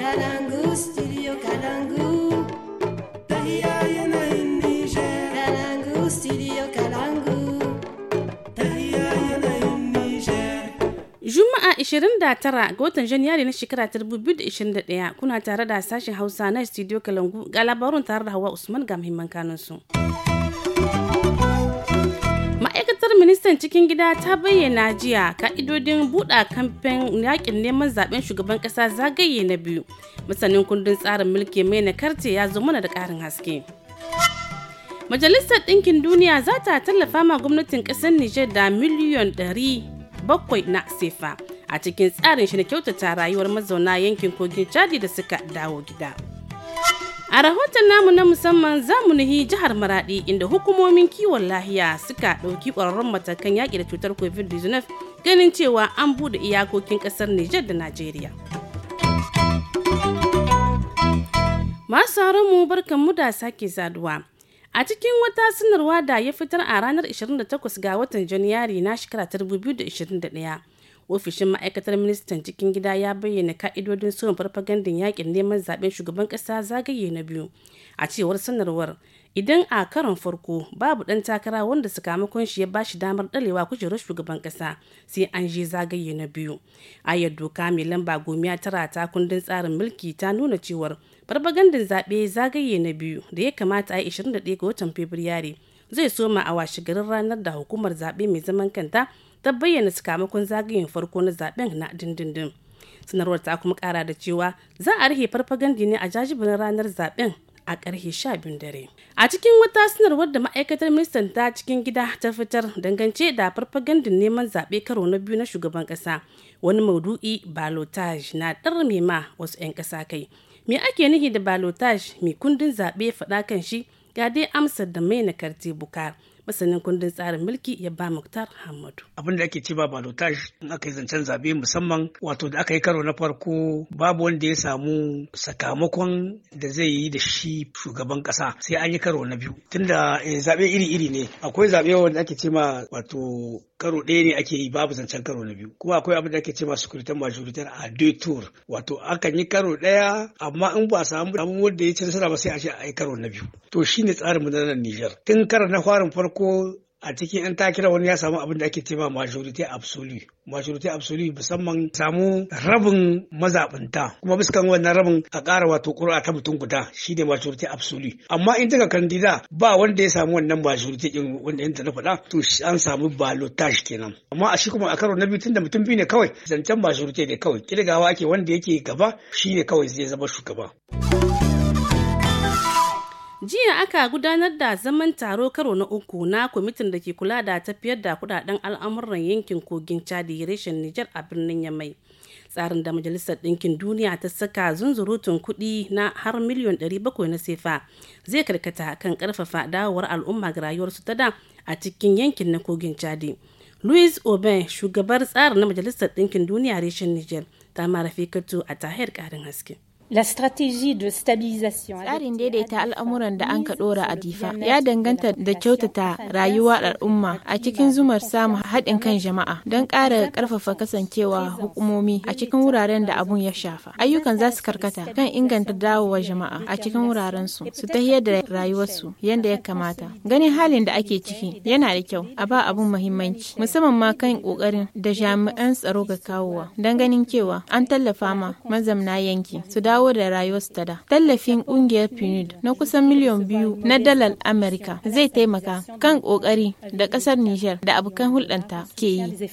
Kalangu, studio Kalangu. yana Kalangu, studio Kalangu. yana Juma'a 29 ga watan Janairu na shekara 2021 kuna tare da sashen Hausa na studio Kalangu ga labarun tare da Hawwa Usman ga muhimman kanunsu. su. ma'aikatar ministan cikin gida ta bayyana jiya ka'idodin buɗa kamfen yakin neman zaɓen shugaban ƙasa zagaye na biyu masanin kundin tsarin mulki mai na karte ya zo mana da ƙarin haske majalisar ɗinkin duniya za ta tallafa ma gwamnatin ƙasar nijar da miliyon 700 na sefa a cikin tsarin shi na kyautata rayuwar mazauna yankin kogin Chadi da suka dawo gida. A rahoton namu na musamman za mu nuhi jihar Maradi inda hukumomin kiwon lahiya suka ɗauki ƙwararrun matakan yaƙi da cutar COVID-19 ganin cewa an buɗe iyakokin ƙasar Nijar da Najeriya. Masu mu barkan mu da sake saduwa. A cikin wata sanarwa da ya fitar a ranar 28 ga watan Janairu na shekara 2021, ofishin ma'aikatar ministan cikin gida ya bayyana ka'idodin suwan farfagandun yakin neman zaben shugaban kasa zagaye na biyu a cewar sanarwar idan a karon farko babu dan takara wanda sakamakon shi ya ba shi damar dalewa kujerar shugaban kasa sai an je zagaye na biyu ayar doka mai lamba gomiya tara ta kundin tsarin mulki ta nuna cewar farfagandun zaɓe zagaye na biyu da ya kamata a 21 ga watan fabrairu zai soma a washe garin ranar da hukumar zaɓe mai zaman kanta ta bayyana sakamakon zagayen farko na zaben na dindindin sanarwar ta kuma kara da cewa za a rufe farfagandi ne a jajibin ranar zaben a karhe 12 dare a cikin wata sanarwar da ma'aikatar ministan ta cikin gida ta fitar dangance da farfagandin neman zaɓe karo na biyu na shugaban ƙasa wani maudu'i balotage na ɗarme ma wasu 'yan ƙasa kai me ake nufi da balotage mai kundin zaɓe faɗa kan shi ga dai amsar da mai na karti bukar masanin kundin tsarin mulki ya ba muktar hamadu abin da ake ce ba balotage in aka yi zancen zabe musamman wato da aka yi karo na farko babu wanda ya samu sakamakon da zai yi da shi shugaban kasa sai an yi karo na biyu tunda eh, zabe iri-iri ne akwai zabe wanda ake ce ma wato karo ɗaya ne ake yi babu zancen karo na biyu kuma akwai abin da ake ce ma sukuritan majoritar a deux tour wato akan yi karo ɗaya amma in ba samu abin wanda ya ci nasara ba sai a ce a yi karo na biyu to shine tsarin mu na Niger tun karo na farin farko ko a cikin 'yan takira wani ya samu abin da ake cewa majority absolute majority absolute musamman samu rabin mazaɓinta kuma biskan wannan rabin a ƙara wato ƙura ta mutum guda shine majority absolute amma in daga kandida ba wanda ya samu wannan majority din wanda yanta na faɗa to an samu balotage kenan amma a shi kuma a karo na biyu tunda mutum biyu ne kawai zancen majority ne kawai kirgawa ake wanda yake gaba shi ne kawai zai zama shugaba. jiya aka gudanar da zaman taro karo na uku na kwamitin da ke kula da tafiyar da kudaden al'amuran yankin kogin chadi reshen nijar a birnin yamai tsarin da majalisar ɗinkin duniya ta saka zunzurutun kuɗi na har miliyon 700 na sefa zai karkata kan karfafa dawowar al'umma ga rayuwarsu ta da a cikin yankin na kogin chadi louis obin shugabar tsarin na majalisar ɗinkin duniya reshen nijar ta mara fikatu a tahir ƙarin haske Tsarin daidaita al'amuran da an ka ɗora a difa ya danganta da kyautata rayuwa al'umma a cikin zumar samun haɗin kan jama'a don ƙara ƙarfafa kasancewa hukumomi a cikin wuraren da abun ya shafa. Ayyukan za su karkata kan inganta dawowa jama'a a cikin wuraren su su tahiyar da rayuwarsu yadda ya kamata. Ganin halin da ake ciki yana da kyau a ba abun muhimmanci musamman ma kan ƙoƙarin da jami'an tsaro ga kawowa don ganin cewa an tallafa ma mazamna yanki su dawo dawo da rayuwarsu ta da. Tallafin ƙungiyar PNUD na kusan miliyan biyu na dalar Amerika zai taimaka kan ƙoƙari da ƙasar niger da abokan hulɗanta ke yi.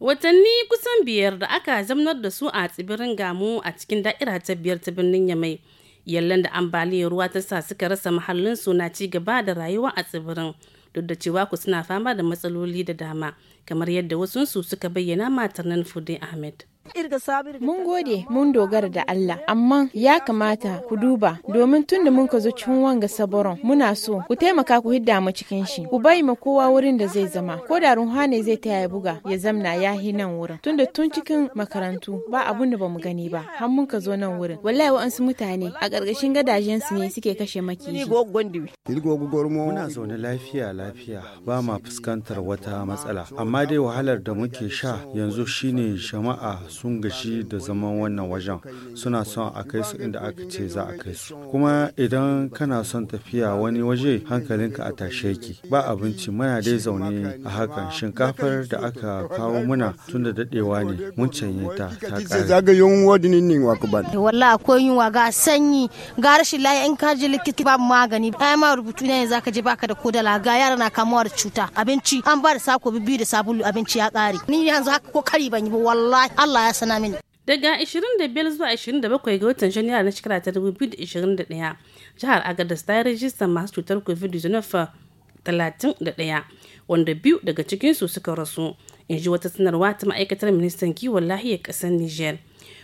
Watanni kusan biyar da aka zamnar da su a tsibirin Gamu a cikin da'ira ta biyar ta birnin Yamai. Yallan da ambaliyar ruwa ta sa suka rasa su na ci gaba da rayuwa a tsibirin. duk da cewa ku suna fama da matsaloli da dama kamar yadda wasu su suka bayyana matar nan fude ahmed Mun gode mun dogara da Allah, amma ya kamata ku duba domin tun da mun ka zo cikin wanga saboron muna so ku taimaka ku hidda mu cikin shi, ku bai ma kowa wurin da zai zama, ko da ruha ne zai taya ya buga ya zamna ya hi nan wurin. Tun da tun cikin makarantu ba abun da bamu gani ba, har mun ka zo nan wurin. Wallahi wa'ansu mutane a ƙarƙashin gadajen su ne suke kashe makiji. Muna zaune lafiya lafiya ba ma fuskantar wata matsala, amma dai wahalar da muke sha yanzu shine jama'a sun gashi da zaman wannan wajen suna son a kai su inda aka ce za a kai su kuma idan kana son tafiya wani waje hankalinka a tashe ki ba abinci muna dai zaune a hakan shinkafar da aka kawo muna tun da dadewa ne mun canye ta ta kare eh, wallahi akwai yunwa ga sanyi ga rashin lafiya in ka je likita babu magani ai ma rubutu ne zaka je baka da kodala ga yara na kamuwa da cuta abinci an ba da sako biyu da sabulu abinci ya kare ni yanzu haka ko kari ban yi ba wallahi Allah sana mini daga 25 zuwa 27 ga watan janairu na shekara ta 2021 jihar agadas ta yi rajistar masu cutar covid-19 31 wanda biyu daga cikinsu suka rasu in ji wata sanarwa ta ma'aikatar ministan kiwon lahiyar ƙasar nijar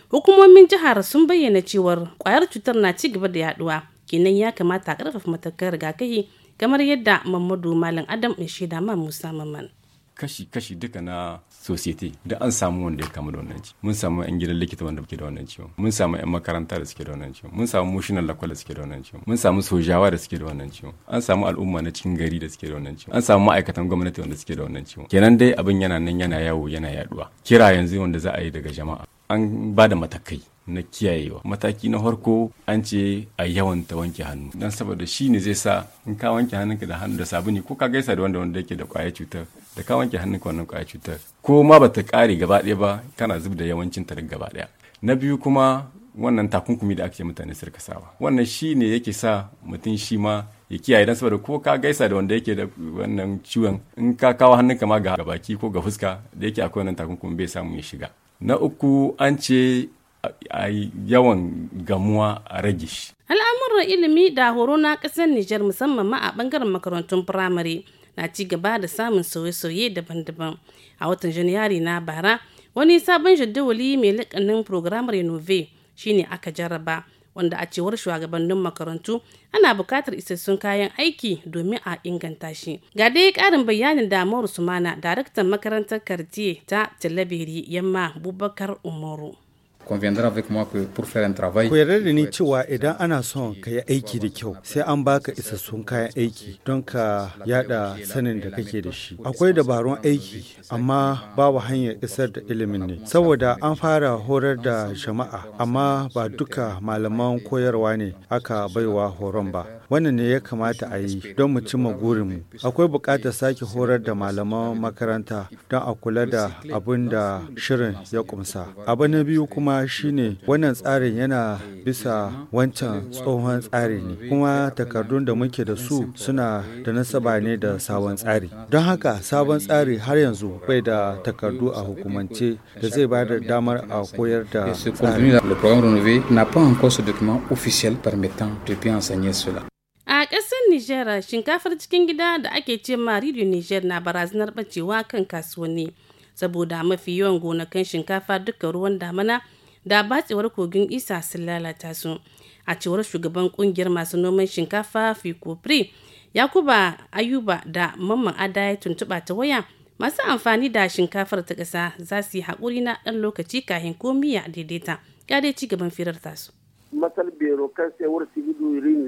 hukumomin jihar sun bayyana cewar kwayar cutar na ci gaba da yaduwa kenan ya kamata a ƙarfafa matakan rigakafi kamar yadda mamadu malam adam ya shaida ma musa maman kashi-kashi duka na society da an samu wanda ya kama da wannan mun samu yan gidan likita wanda ke da wannan ciwon mun samu yan makaranta da suke da wannan ciwon mun samu mushinan lakwal da suke da wannan ciwon mun samu sojawa da suke da wannan ciwon an samu al'umma na cikin gari da suke da wannan ciwon an samu ma'aikatan gwamnati wanda suke da wannan ciwon kenan dai abin yana nan yana yawo yana yaduwa kira yanzu wanda za a yi daga jama'a an ba da matakai na kiyayewa mataki na farko an ce a yawan ta wanke hannu dan saboda shi ne zai sa in ka wanke hannunka da hannu da sabuni ko ka gaisa da wanda wanda yake da kwaya cutar da ka wanke hannun ka wannan kwayar cutar ko ma bata kare gaba ɗaya ba kana zub da yawancin ta gaba ɗaya na biyu kuma wannan takunkumi da ake mutane su rika sawa wannan shi ne yake sa mutum shi ma ya kiyaye dan saboda ko ka gaisa da wanda yake da wannan ciwon in ka kawo hannunka ma ga baki ko ga fuska da yake akwai wannan takunkumi bai samu ya shiga na uku an ce a yawan gamuwa a rage shi al'amuran ilimi da horo na ƙasar Nijar musamman ma a bangaren makarantun firamare na ci gaba da samun sauye-sauye daban-daban a watan janairu na bara wani sabon jadawali mai lakanin program renove shine aka jarraba wanda a cewar shugabannin makarantu ana buƙatar isassun kayan aiki domin a inganta shi ga dai ƙarin bayanin damar sumana daraktan makarantar kartiye ta talabiri yamma bubakar umaru Ku yarda da ni cewa idan ana son ka yi aiki da kyau sai an baka isassun kayan aiki don ka yada sanin da kake da shi. Akwai dabarun aiki amma babu hanyar isar da ilimin ne. Saboda an fara horar da jama'a amma ba duka malaman koyarwa ne aka baiwa horon ba. Wannan ne ya kamata a yi don mu cimma gurinmu. Akwai buƙatar sake horar da malaman makaranta don a kula da abin da shirin ya kumsa. Abu na biyu kuma kuma shine wannan tsarin yana bisa wancan tsohon tsari ne kuma takardun da muke da su suna da nasaba ne da sabon tsari don haka sabon tsari har yanzu bai da takardu a hukumance da zai ba da damar a koyar da tsari A ƙasar Nijar shinkafar cikin gida da ake ce ma Radio Nijar na barazanar bacewa kan kasuwanni saboda mafi yawan gonakan shinkafa duka ruwan damana da batsewar kogin isa sun lalata su a cewar shugaban kungiyar masu noman shinkafa fikopri yakuba ayuba da mamman ada ya tuntuɓa ta waya masu amfani da shinkafar ta ƙasa za su yi haƙuri na ɗan lokaci kahin komiya daidaita ya dai ci gaban firar tasu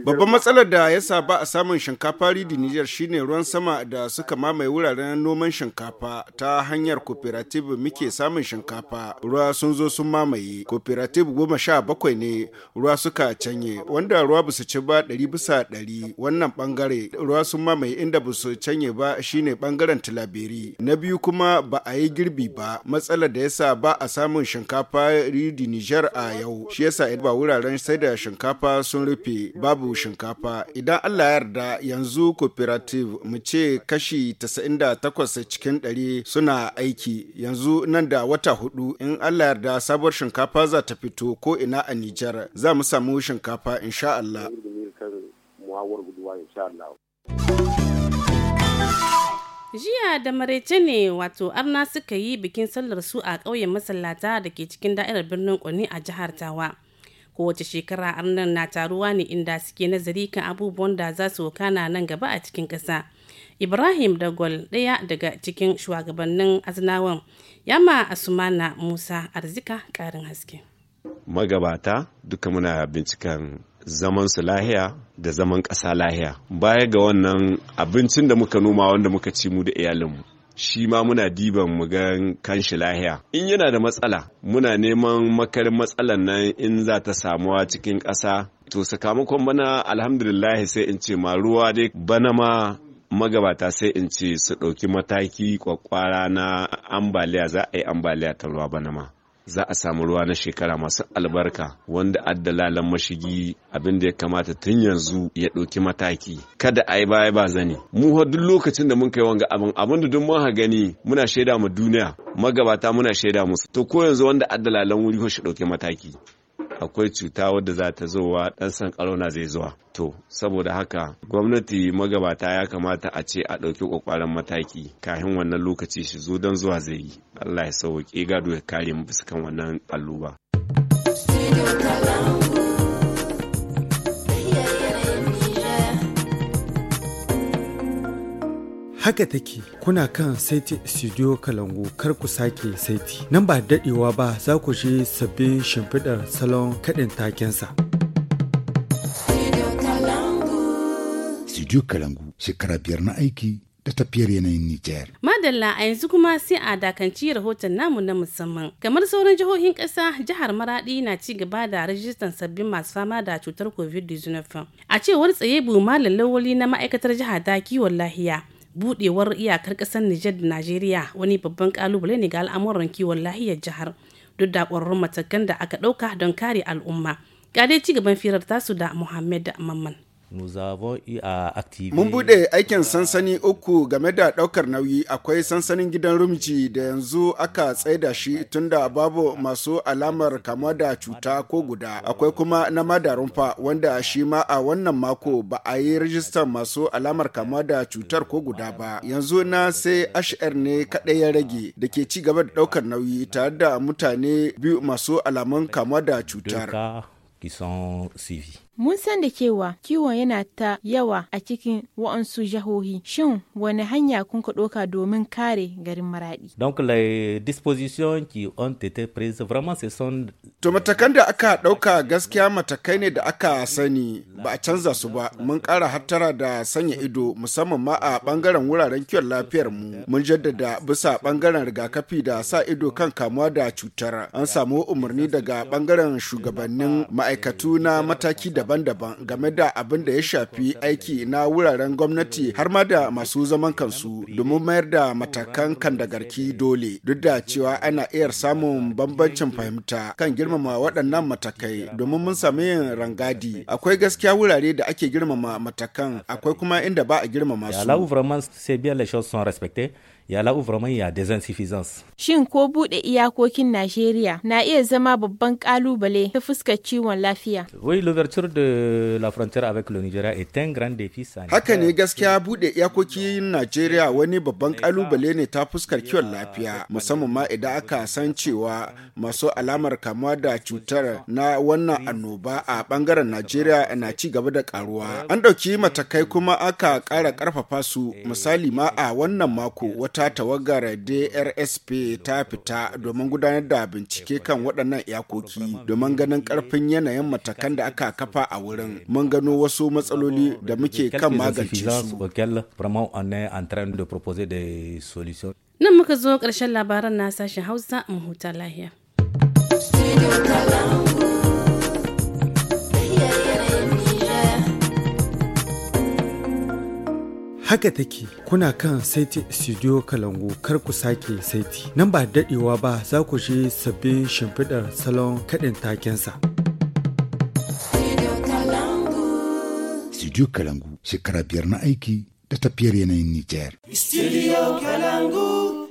Babban matsalar da ya sa a samun shinkafa ridi Nijar shine ruwan sama da suka mamaye wuraren noman shinkafa ta hanyar cooperative muke samun shinkafa. Ruwa sun zo sun mamaye. Cooperative goma sha bakwai ne ruwa suka canye wanda ruwa basu ci ba ɗari bisa ɗari wannan bangare ruwa sun mamaye inda basu canye ba shine bangaren tilabiri Na biyu kuma ba a yi girbi ba matsalar da ya sa ba a samun shinkafa ridi Nijar a yau shi yasa ba wuraren sai da shinkafa sun rufe babu shinkafa idan allah yarda yanzu cooperative mu ce kashi 98 cikin 100 suna aiki yanzu nan da wata hudu in allah yarda sabuwar shinkafa za ta fito ko ina a nijar za mu samu shinkafa insha allah jiya da maraice ne wato arna suka yi bikin sallar su a ƙauyen masallata da ke cikin da'irar birnin kwani a jihar tawa kowace shekara arnan na taruwa ne inda suke nazari kan abubuwan da za su wakana nan gaba a cikin ƙasa ibrahim dagwal ɗaya daga cikin shugabannin aznawan ma asumana musa arzika ƙarin haske magabata duka muna binciken zaman su lahiya da zaman ƙasa lahiya baya ga wannan abincin da muka noma wanda muka ci mu da iyalinmu shi ma muna diban mu ga kanshi lahiya in yana da matsala muna neman makar matsalan nan in za ta samuwa cikin ƙasa to sakamakon bana alhamdulillah sai in ce ma ruwa dai bana ma magabata sai in ce su ɗauki mataki kwakwara na ambaliya za a yi ambaliya ta ruwa bana ma za a samu ruwa na shekara masu albarka wanda addalalan mashigi abinda ya kamata tun yanzu ya ɗauki mataki kada a yi baya ba zani mu duk lokacin da mun kai wanga abin abin da duk mun gani muna shaida ma duniya magabata muna shaida musu to ko yanzu wanda addalalan wuri ko shi ɗauki mataki akwai cuta wadda za ta zowa ɗan san na zai zuwa to saboda haka gwamnati magabata ya kamata a ce a ɗauki ƙwaƙwaran mataki kafin wannan lokaci shi zo don zuwa zai yi allah ya sauƙi gado ya kare mu bisa kan wannan alluba. haka take kuna kan saiti studio kalangu kar ku sake saiti nan ba dadewa ba za ku je sabbin shimfidar salon kaɗin takensa. studio kalangu shekara biyar na aiki da tafiyar yanayin Nijar. Madalla a yanzu kuma sai a dakanci rahoton namu na musamman. Kamar sauran jihohin ƙasa, jihar Maraɗi, na ci gaba da rajistan sabbin masu fama da cutar COVID-19. A cewar tsaye bu malam lawoli na ma'aikatar jihar Daki kiwon lahiya. budewar iyakar kasar Nijar da Najeriya wani babban kalubale ne ga al'amuran kiwon lahiyar jihar duk da ƙwararrun matakan da aka ɗauka don kare al'umma. Ga dai ci gaban firar tasu da Muhammad Mamman. Mun buɗe aikin sansani uku game da ɗaukar nauyi akwai sansanin gidan rumji da yanzu aka tsaida shi tunda babu masu alamar kama da cuta ko guda. Akwai kuma na rumfa wanda shi ma a wannan mako ba a yi rijistar masu alamar kama da cutar ko guda ba. Yanzu na sai HR ne kaɗai ya rage da ke ci gaba da ɗaukar nauyi tare da mutane biyu masu alamun kama da cutar. Mun san da cewa kiwon yana ta yawa a cikin wa'ansu jahohi. Shin wani hanya kun ka ɗoka domin kare garin maraɗi? Donc les dispositions qui ont été prises vraiment ce sont To matakan da aka ɗauka gaskiya matakai ne da aka sani ba a canza su ba mun ƙara hattara da sanya ido musamman ma a ɓangaren wuraren kiwon lafiyar mu mun jaddada bisa ɓangaren rigakafi da sa ido kan kamuwa da cutar an samu umarni daga ɓangaren shugabannin ma'aikatu na mataki daban-daban game da abin da ya shafi aiki na wuraren gwamnati har ma da masu zaman kansu domin mayar da matakan kan kandagarki dole duk da cewa ana iya samun bambancin fahimta kan girmama waɗannan matakai domin mun sami yin rangadi. Akwai gaskiya wurare da ake girmama matakan, akwai kuma inda ba a girmama su. ya la'u vraiment ya des insuffisances shin ko bude iyakokin Najeriya na iya zama babban kalubale ta fuskar ciwon lafiya oui l'ouverture de la frontière avec le Nigeria est un grand défi sanitaire haka ne gaskiya bude iyakokin Najeriya wani babban kalubale ne ta fuskar kiwon lafiya musamman ma idan aka san cewa masu alamar kamuwa da cutar na wannan annoba a bangaren Najeriya na ci gaba da karuwa an dauki matakai kuma aka kara karfafa su misali ma a wannan mako wata wata tawagar DRSP ta fita domin gudanar da bincike kan waɗannan iyakoki domin ganin ƙarfin yanayin matakan da aka kafa a wurin. Mun gano wasu matsaloli da muke kan magance su. Nan muka zo ƙarshen labaran na sashen Hausa mu huta lahiya. haka take kuna kan saiti studio kalangu kar ku sake saiti nan ba dadewa ba za ku je sabbin shimfidar salon kaɗin takensa. Studio Kalangu shekara biyar na aiki da tafiyar yanayin Nijar. Studio Kalangu